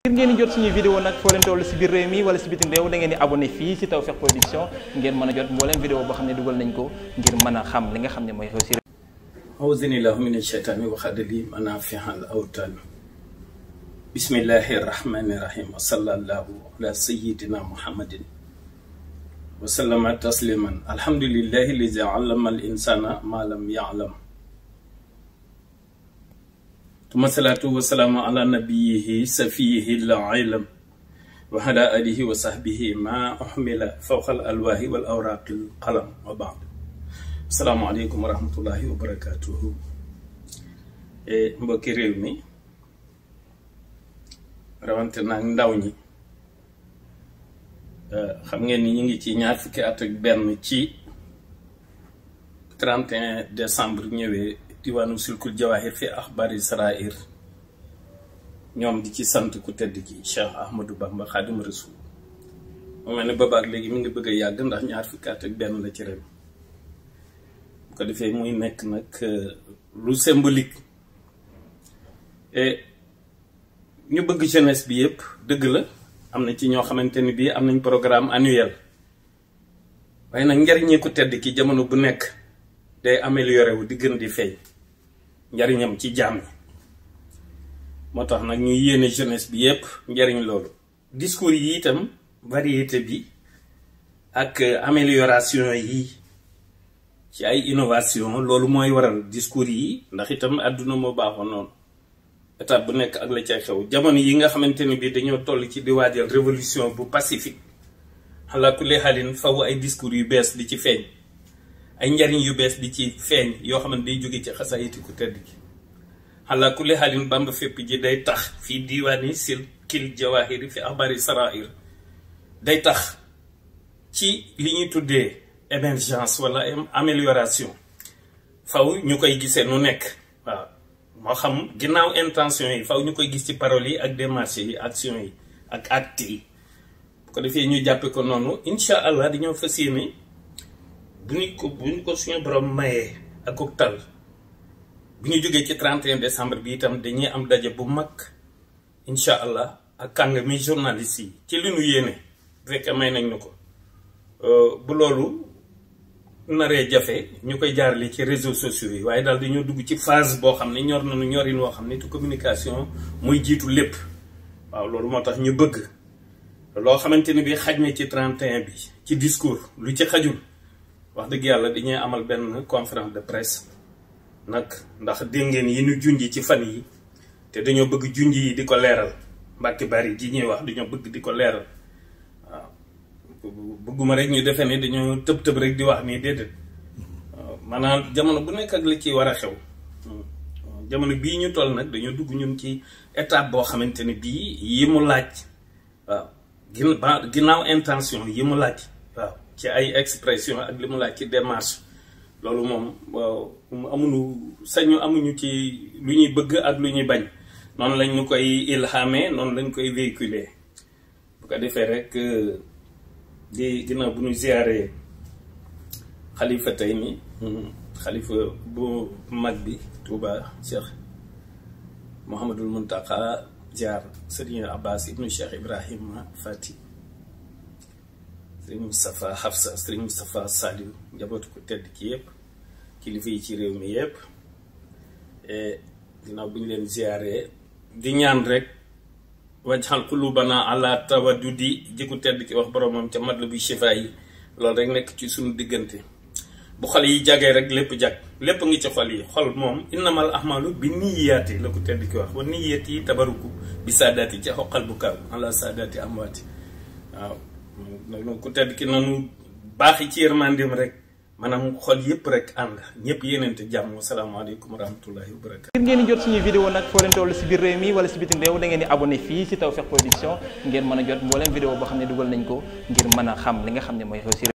ngir ngeen di jot suñuy vidéo nag foo leen toll si biir réew mi wala si bitim réew da di abonné fii si Tawfekh Production ngeen mën a jot mbooleem vidéo boo xam ne dugal nañ ko ngir mën a xam li nga xam ne mooy xew si réew aousinillahu min asheytaani waxadali manafihal awtan bismillahi rahmani rahim wa sallallahu ala sayidina muhammadin wa sallama tasliman alhamdulillahi li ja'ala al insana ma lam ya'lam tuma salaatu wasalaamu ala nabiyihi safiyihi la ilam wa ala alihi wa sahbihi ma uhmila fawqa al alwaahi wal awraaqi al qalam wa baad asalaamu aleykum wa rahmatullahi wa barakatuhu e, mbokki réew mi rawante naag ndaw ñi e, xam ngeen ni ngi ci ñaar fukki at ak benn ci 31 décembre ñëwee diwaanu silkul jawaahir fi axbaari sarair ñoom di ci sant ku tedd ki Cheikh Ahmadou Bamba Xaadimu Rasuul moo mel ne boobaak léegi mu ngi bëgg yàgg ndax ñaar fukki at benn la ci bu ko defee muy nekk nag euh, lu symbolique ñu bëgg jeunesse bi yëpp dëgg la am na ci ñoo xamante ni bii am nañ programme annuel waaye nag njariñi ku tedd ki jamono bu nekk day améliorer wu di gën di feeñ njariñam ci jaam moo tax nag ñuy yéene jeunesse bi yépp njariñ loolu discours yi itam variété bi ak euh, amélioration yi ci ay innovation loolu mooy waral discours yi ndax itam àdduna moo baaxoon noonu étape bu nekk ak la ca xew jamono yi nga xamante ni bi dañoo toll ci di waajal révolution bu pacifique xalaa ku xalin faw ay discours yu bees di ci feeñ ay njariñ yu bees bi ci feeñ yoo xam ne day jóge ci xasaayiti ku tedd gi xalaa kulli xaalin bamba fépp ji day tax fii diiwaani sil kil jawaahiri fi axbaari sarair day tax ci li ñuy tuddee émergence wala amélioration faw ñu koy gisee nu nekk waaw moo xam ginnaaw intention yi faw ñu koy gis ci paroles yi ak démarché yi action yi ak actes yi bu ko defee ñu jàppee ko noonu incha allah dañoo fa yéene bu ñu ko bu ñu ko suñu borom mayee ak ko tal bu ñu jógee ci 31 décembre bi itam dañuy am daje bu mag incha allah ak kàngami journaliste yi ci li nu yéene bu fekkee may nañ ñu ko euh, bu loolu naree jafe ñu koy jaarale ci réseaux sociaux yi waaye daal dañoo dugg ci phase boo xam ne ñor na nañu ñorin woo xam ne te communication muy jiitu lépp waaw loolu moo tax ñu bëgg loo xamante ni bi xaj na ci 31 bi ci discours lu ci xajul wax dëgg yàlla dañuy amal benn conférence de presse nag ndax dégg ngeen yi ñu junj ci fan yi te dañoo bëgg junj yi di ko leeral mbàkki bari ji ñuy wax dañoo bëgg di ko leeral waaw bëgguma rek ñu defee ni dañoo tëb tëb rek di wax nii déedéet waaw jamono bu nekk ak li ciy war a xew jamono bii ñu toll nag dañoo dugg ñun ci étape boo xamante ne bii yi mu laaj waaw ginnaaw intention yi mu laaj waaw ci ay expression ak li mu laaj ci démarche loolu moom amuñu sañu amuñu ci lu ñuy bëgg ak lu ñuy bañ noonu lañ ñu koy ilhamee noonu lañ koy véhiculer bu ko defee rek euh, di ginnaaw bu ñu ziaree xalifa tey mi xalifa bu mag bi Touba Cheikh Mouhamadul Muntaka ziar Sëriñ Abbas ibnu Cheikh Ibrahima Fati sëriñ Moustapha Hafsa sëriñ Moustapha Saliou njabootu ku tedd ki yëpp kilifa yi ci réew mi yëpp e, ginnaaw bu ñu leen ziaree di ñaan rek wajxal qulubana ala tawaddudi ji ku tedd ki wax boromam ca matla bu shifa yi loolu rek nekk ci suñu diggante bu xal yi jagee rek lépp jag lépp ngi ci xol yi xol moom innamal ahmalu bi niyaati la ko tedd ki wax wa niyaati tabaruku bi saadaati ca xoqal bu kaaw ala saadaati amwaati waaw loolu ku tedd ki nanu baaxi ci yërmandeem rek maanaam xol yëpp rek ànd ñëpp yéeneente jàmm wasalaamaaleykum wa rahmatullahi wa barakatu ngir ngeen jot suñuy vidéo nag foo leen toll si biir réew mi wala si bitim réew da ngeen di abonné fii si Tawfekh Production ngeen mën a jot mbooleem vidéo boo xam ne dugal nañ ko ngir mën a xam li nga xam ne mooy xew si